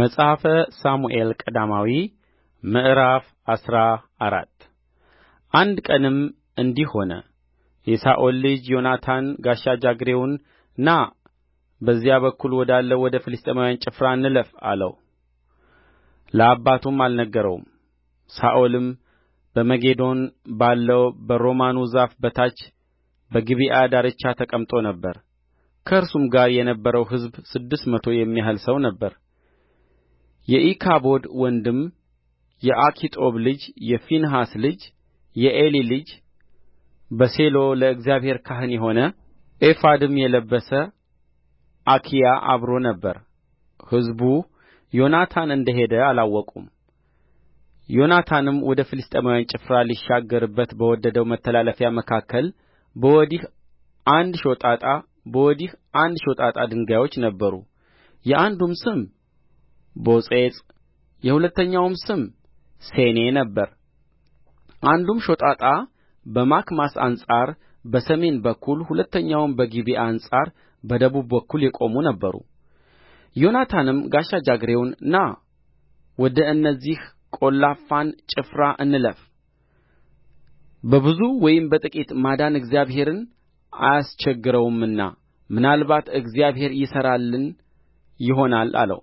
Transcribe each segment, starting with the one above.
መጽሐፈ ሳሙኤል ቀዳማዊ ምዕራፍ አስራ አራት አንድ ቀንም እንዲህ ሆነ የሳኦል ልጅ ዮናታን ጋሻ ጃግሬውን ና በዚያ በኩል ወዳለው ወደ ፍልስጥኤማውያን ጭፍራ እንለፍ አለው ለአባቱም አልነገረውም ሳኦልም በመጌዶን ባለው በሮማኑ ዛፍ በታች በጊብዓ ዳርቻ ተቀምጦ ነበር ከእርሱም ጋር የነበረው ሕዝብ ስድስት መቶ የሚያህል ሰው ነበር የኢካቦድ ወንድም የአኪጦብ ልጅ የፊንሐስ ልጅ የዔሊ ልጅ በሴሎ ለእግዚአብሔር ካህን የሆነ ኤፉድም የለበሰ አኪያ አብሮ ነበር ሕዝቡ ዮናታን እንደ ሄደ አላወቁም ዮናታንም ወደ ፍልስጥኤማውያን ጭፍራ ሊሻገርበት በወደደው መተላለፊያ መካከል በወዲህ አንድ ሾጣጣ በወዲህ አንድ ሾጣጣ ድንጋዮች ነበሩ የአንዱም ስም ቦጼጽ የሁለተኛውም ስም ሴኔ ነበረ አንዱም ሾጣጣ በማክማስ አንጻር በሰሜን በኩል ሁለተኛውም በጊብዓ አንጻር በደቡብ በኩል የቆሙ ነበሩ ዮናታንም ጋሻ ጃግሬውን ና ወደ እነዚህ ቈላፋን ጭፍራ እንለፍ በብዙ ወይም በጥቂት ማዳን እግዚአብሔርን አያስቸግረውምና ምናልባት እግዚአብሔር ይሠራልን ይሆናል አለው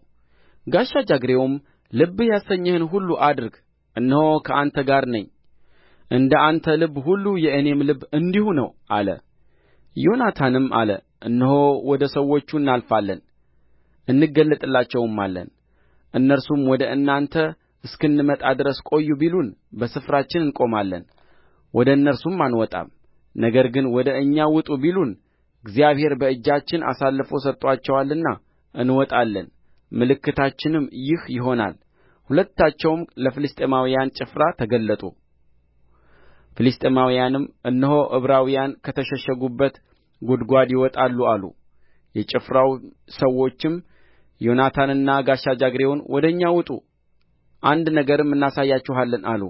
ጋሻ ጃግሬውም ልብህ ያሰኘህን ሁሉ አድርግ እነሆ ከአንተ ጋር ነኝ እንደ አንተ ልብ ሁሉ የእኔም ልብ እንዲሁ ነው አለ ዮናታንም አለ እነሆ ወደ ሰዎቹ እናልፋለን እንገለጥላቸውማለን እነርሱም ወደ እናንተ እስክንመጣ ድረስ ቆዩ ቢሉን በስፍራችን እንቆማለን ወደ እነርሱም አንወጣም ነገር ግን ወደ እኛ ውጡ ቢሉን እግዚአብሔር በእጃችን አሳልፎ ሰጥቶአቸዋልና እንወጣለን ምልክታችንም ይህ ይሆናል ሁለታቸውም ለፍልስጥኤማውያን ጭፍራ ተገለጡ ፍልስጥኤማውያንም እነሆ ዕብራውያን ከተሸሸጉበት ጕድጓድ ይወጣሉ አሉ የጭፍራው ሰዎችም ዮናታንና ጋሻ ጃግሬውን ወደ እኛ ውጡ አንድ ነገርም እናሳያችኋለን አሉ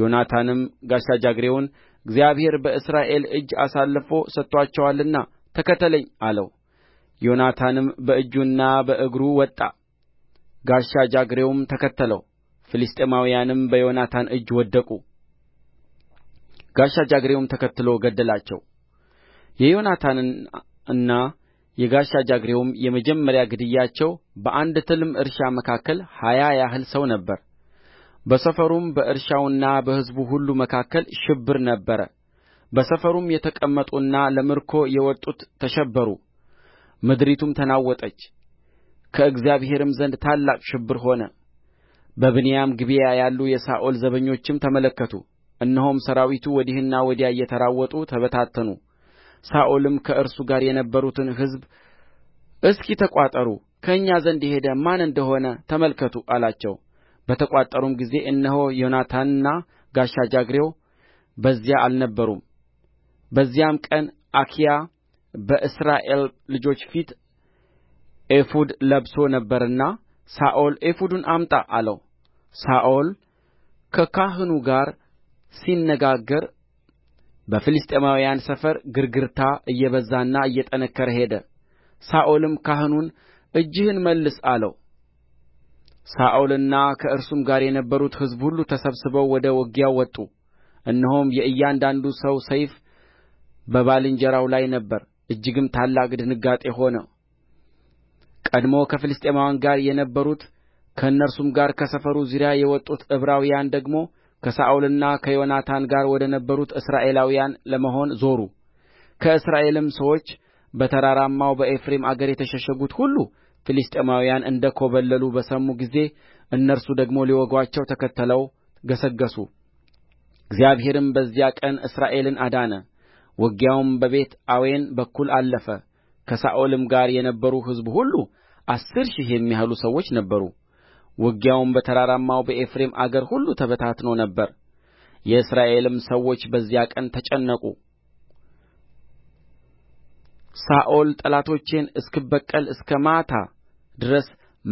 ዮናታንም ጋሻ ጃግሬውን እግዚአብሔር በእስራኤል እጅ አሳልፎ ሰጥቶአቸዋልና ተከተለኝ አለው ዮናታንም በእጁና በእግሩ ወጣ ጋሻ ጃግሬውም ተከተለው ፍልስጥኤማውያንም በዮናታን እጅ ወደቁ ጋሻ ጃግሬውም ተከትሎ ገደላቸው የዮናታንና የጋሻ ጃግሬውም የመጀመሪያ ግዳያቸው በአንድ ትልም እርሻ መካከል ሀያ ያህል ሰው ነበር በሰፈሩም በእርሻውና በሕዝቡ ሁሉ መካከል ሽብር ነበረ በሰፈሩም የተቀመጡና ለምርኮ የወጡት ተሸበሩ ምድሪቱም ተናወጠች ከእግዚአብሔርም ዘንድ ታላቅ ሽብር ሆነ በብንያም ጊብዓ ያሉ የሳኦል ዘበኞችም ተመለከቱ እነሆም ሠራዊቱ ወዲህና ወዲያ እየተራወጡ ተበታተኑ ሳኦልም ከእርሱ ጋር የነበሩትን ሕዝብ እስኪ ተቋጠሩ ከእኛ ዘንድ የሄደ ማን እንደሆነ ተመልከቱ አላቸው በተቋጠሩም ጊዜ እነሆ ዮናታንና ጋሻ ጃግሬው በዚያ አልነበሩም በዚያም ቀን አኪያ በእስራኤል ልጆች ፊት ኤፉድ ለብሶ ነበርና ሳኦል ኤፉዱን አምጣ አለው ሳኦል ከካህኑ ጋር ሲነጋገር በፍልስጥኤማውያን ሰፈር ግርግርታ እየበዛና እየጠነከረ ሄደ ሳኦልም ካህኑን እጅህን መልስ አለው ሳኦልና ከእርሱም ጋር የነበሩት ሕዝብ ሁሉ ተሰብስበው ወደ ውጊያው ወጡ እነሆም የእያንዳንዱ ሰው ሰይፍ በባልንጀራው ላይ ነበር እጅግም ታላቅ ድንጋጤ ሆነ ቀድሞ ከፍልስጥኤማውያን ጋር የነበሩት ከእነርሱም ጋር ከሰፈሩ ዙሪያ የወጡት ዕብራውያን ደግሞ ከሳኦልና ከዮናታን ጋር ወደ ነበሩት እስራኤላውያን ለመሆን ዞሩ ከእስራኤልም ሰዎች በተራራማው በኤፍሬም አገር የተሸሸጉት ሁሉ ፍልስጥኤማውያን እንደ ኰበለሉ በሰሙ ጊዜ እነርሱ ደግሞ ሊወጉአቸው ተከትለው ገሰገሱ እግዚአብሔርም በዚያ ቀን እስራኤልን አዳነ ውጊያውም አዌን በኩል አለፈ ከሳኦልም ጋር የነበሩ ሕዝብ ሁሉ አሥር ሺህ የሚያህሉ ሰዎች ነበሩ ውጊያውም በተራራማው በኤፍሬም አገር ሁሉ ተበታትኖ ነበር የእስራኤልም ሰዎች በዚያ ቀን ተጨነቁ ሳኦል ጠላቶቼን እስክበቀል እስከ ማታ ድረስ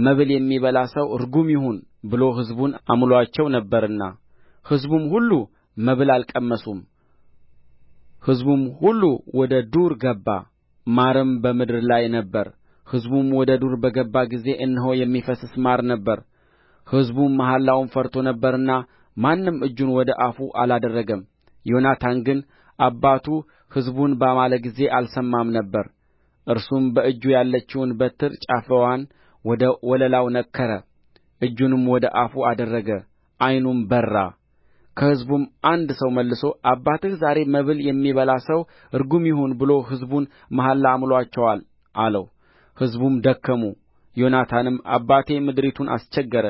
መብል የሚበላ ሰው ርጉም ይሁን ብሎ ሕዝቡን አምሎአቸው ነበርና ሕዝቡም ሁሉ መብል አልቀመሱም ሕዝቡም ሁሉ ወደ ዱር ገባ ማርም በምድር ላይ ነበረ ሕዝቡም ወደ ዱር በገባ ጊዜ እነሆ የሚፈስስ ማር ነበረ ሕዝቡም መሐላውን ፈርቶ ነበርና ማንም እጁን ወደ አፉ አላደረገም ዮናታን ግን አባቱ ሕዝቡን ባማለ ጊዜ አልሰማም ነበር እርሱም በእጁ ያለችውን በትር ጫፍዋን ወደ ወለላው ነከረ እጁንም ወደ አፉ አደረገ ዓይኑም በራ ከሕዝቡም አንድ ሰው መልሶ አባትህ ዛሬ መብል የሚበላ ሰው ርጉም ይሁን ብሎ ሕዝቡን መሐላ አምሎአቸዋል አለው ሕዝቡም ደከሙ ዮናታንም አባቴ ምድሪቱን አስቸገረ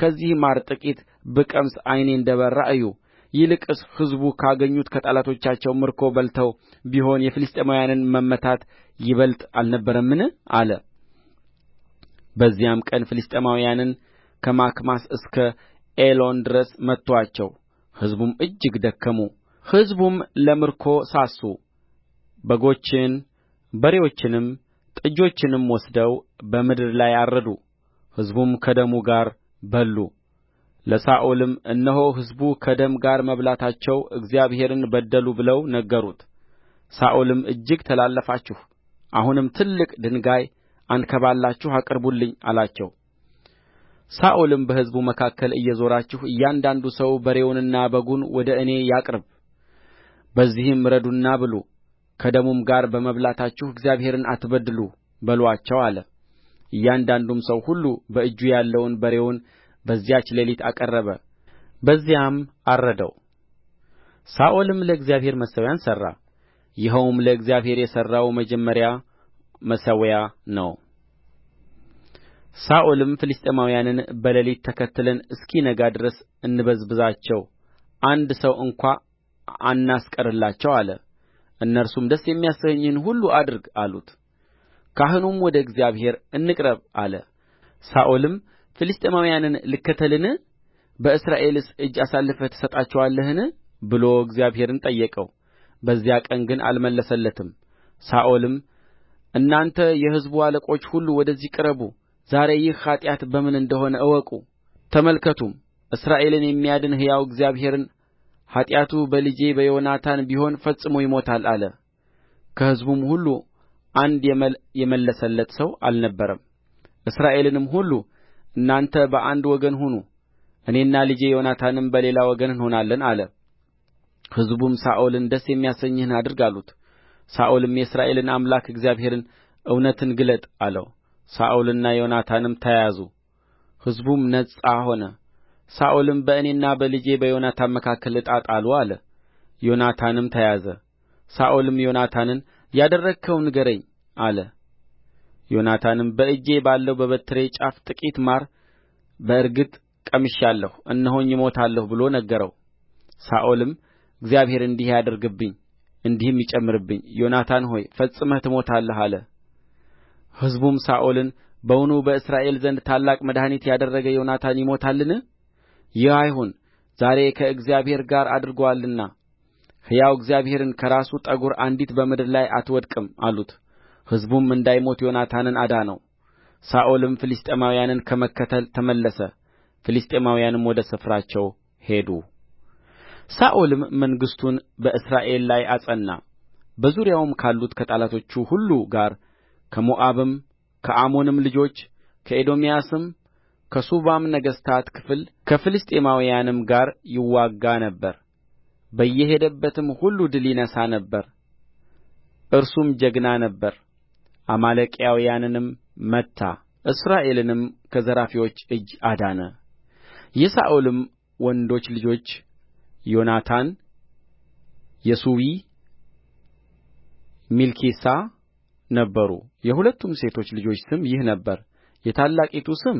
ከዚህ ማር ጥቂት ብቀምስ ዓይኔ እንደ በራ እዩ ይልቅስ ሕዝቡ ካገኙት ከጠላቶቻቸው ምርኮ በልተው ቢሆን የፍልስጥኤማውያንን መመታት ይበልጥ አልነበረምን አለ በዚያም ቀን ፍልስጥኤማውያንን ከማክማስ እስከ ኤሎን ድረስ መቱአቸው ሕዝቡም እጅግ ደከሙ ሕዝቡም ለምርኮ ሳሱ በጎችን በሬዎችንም ጥጆችንም ወስደው በምድር ላይ አረዱ ሕዝቡም ከደሙ ጋር በሉ ለሳኦልም እነሆ ሕዝቡ ከደም ጋር መብላታቸው እግዚአብሔርን በደሉ ብለው ነገሩት ሳኦልም እጅግ ተላለፋችሁ አሁንም ትልቅ ድንጋይ አንከባልላችሁ አቅርቡልኝ አላቸው ሳኦልም በሕዝቡ መካከል እየዞራችሁ እያንዳንዱ ሰው በሬውንና በጉን ወደ እኔ ያቅርብ በዚህም እረዱና ብሉ ከደሙም ጋር በመብላታችሁ እግዚአብሔርን አትበድሉ በሉአቸው አለ እያንዳንዱም ሰው ሁሉ በእጁ ያለውን በሬውን በዚያች ሌሊት አቀረበ በዚያም አረደው ሳኦልም ለእግዚአብሔር መሠዊያን ሠራ ይኸውም ለእግዚአብሔር የሠራው መጀመሪያ መሠዊያ ነው ሳኦልም ፍልስጥኤማውያንን በሌሊት ተከትለን እስኪነጋ ድረስ እንበዝብዛቸው አንድ ሰው እንኳ አናስቀርላቸው አለ እነርሱም ደስ የሚያሰኝህን ሁሉ አድርግ አሉት ካህኑም ወደ እግዚአብሔር እንቅረብ አለ ሳኦልም ፍልስጥኤማውያንን ልከተልን በእስራኤልስ እጅ አሳልፈህ ትሰጣቸዋለህን ብሎ እግዚአብሔርን ጠየቀው በዚያ ቀን ግን አልመለሰለትም ሳኦልም እናንተ የሕዝቡ አለቆች ሁሉ ወደዚህ ቅረቡ ዛሬ ይህ ኃጢአት በምን እንደ ሆነ እወቁ ተመልከቱም እስራኤልን የሚያድን ሕያው እግዚአብሔርን ኃጢአቱ በልጄ በዮናታን ቢሆን ፈጽሞ ይሞታል አለ ከሕዝቡም ሁሉ አንድ የመለሰለት ሰው አልነበረም እስራኤልንም ሁሉ እናንተ በአንድ ወገን ሁኑ እኔና ልጄ ዮናታንም በሌላ ወገን እንሆናለን አለ ሕዝቡም ሳኦልን ደስ የሚያሰኝህን አድርግ አሉት ሳኦልም የእስራኤልን አምላክ እግዚአብሔርን እውነትን ግለጥ አለው ሳኦልና ዮናታንም ተያዙ ሕዝቡም ነጻ ሆነ ሳኦልም በእኔና በልጄ በዮናታን መካከል ዕጣ ጣሉ አለ ዮናታንም ተያዘ ሳኦልም ዮናታንን ያደረግኸው ንገረኝ አለ ዮናታንም በእጄ ባለው በበትሬ ጫፍ ጥቂት ማር በእርግጥ ቀምሻለሁ እነሆኝ እሞታለሁ ብሎ ነገረው ሳኦልም እግዚአብሔር እንዲህ ያድርግብኝ እንዲህም ይጨምርብኝ ዮናታን ሆይ ፈጽመህ ትሞታለህ አለ ሕዝቡም ሳኦልን በውኑ በእስራኤል ዘንድ ታላቅ መድኃኒት ያደረገ ዮናታን ይሞታልን ይህ አይሁን ዛሬ ከእግዚአብሔር ጋር አድርጎአልና ሕያው እግዚአብሔርን ከራሱ ጠጕር አንዲት በምድር ላይ አትወድቅም አሉት ሕዝቡም እንዳይሞት ዮናታንን አዳነው ሳኦልም ፍልስጥኤማውያንን ከመከተል ተመለሰ ፍልስጥኤማውያንም ወደ ስፍራቸው ሄዱ ሳኦልም መንግሥቱን በእስራኤል ላይ አጸና በዙሪያውም ካሉት ከጠላቶቹ ሁሉ ጋር ከሞዓብም ከአሞንም ልጆች ከኤዶምያስም ከሱባም ነገሥታት ክፍል ከፍልስጥኤማውያንም ጋር ይዋጋ ነበር በየሄደበትም ሁሉ ድል ይነሣ ነበር እርሱም ጀግና ነበረ አማሌቃውያንንም መታ እስራኤልንም ከዘራፊዎች እጅ አዳነ የሳኦልም ወንዶች ልጆች ዮናታን የሱዊ ሚልኪሳ ነበሩ የሁለቱም ሴቶች ልጆች ስም ይህ ነበረ የታላቂቱ ስም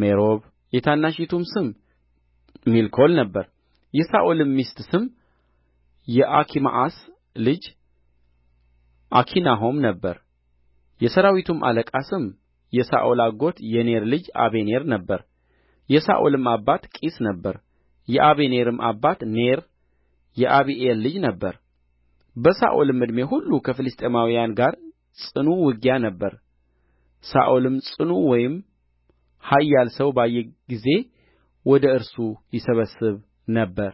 ሜሮብ የታናሺቱም ስም ሜልኮል ነበረ የሳኦልም ሚስት ስም የአኪማአስ ልጅ አኪናሆም ነበረ የሠራዊቱም አለቃ ስም የሳኦል አጎት የኔር ልጅ አበኔር ነበረ የሳኦልም አባት ቂስ ነበረ የአበኔርም አባት ኔር የአቢኤል ልጅ ነበረ በሳኦልም ዕድሜ ሁሉ ከፍልስጥኤማውያን ጋር ጽኑ ውጊያ ነበረ ሳኦልም ጽኑ ወይም ኃያል ሰው ባየ ጊዜ ወደ እርሱ ይሰበስብ ነበር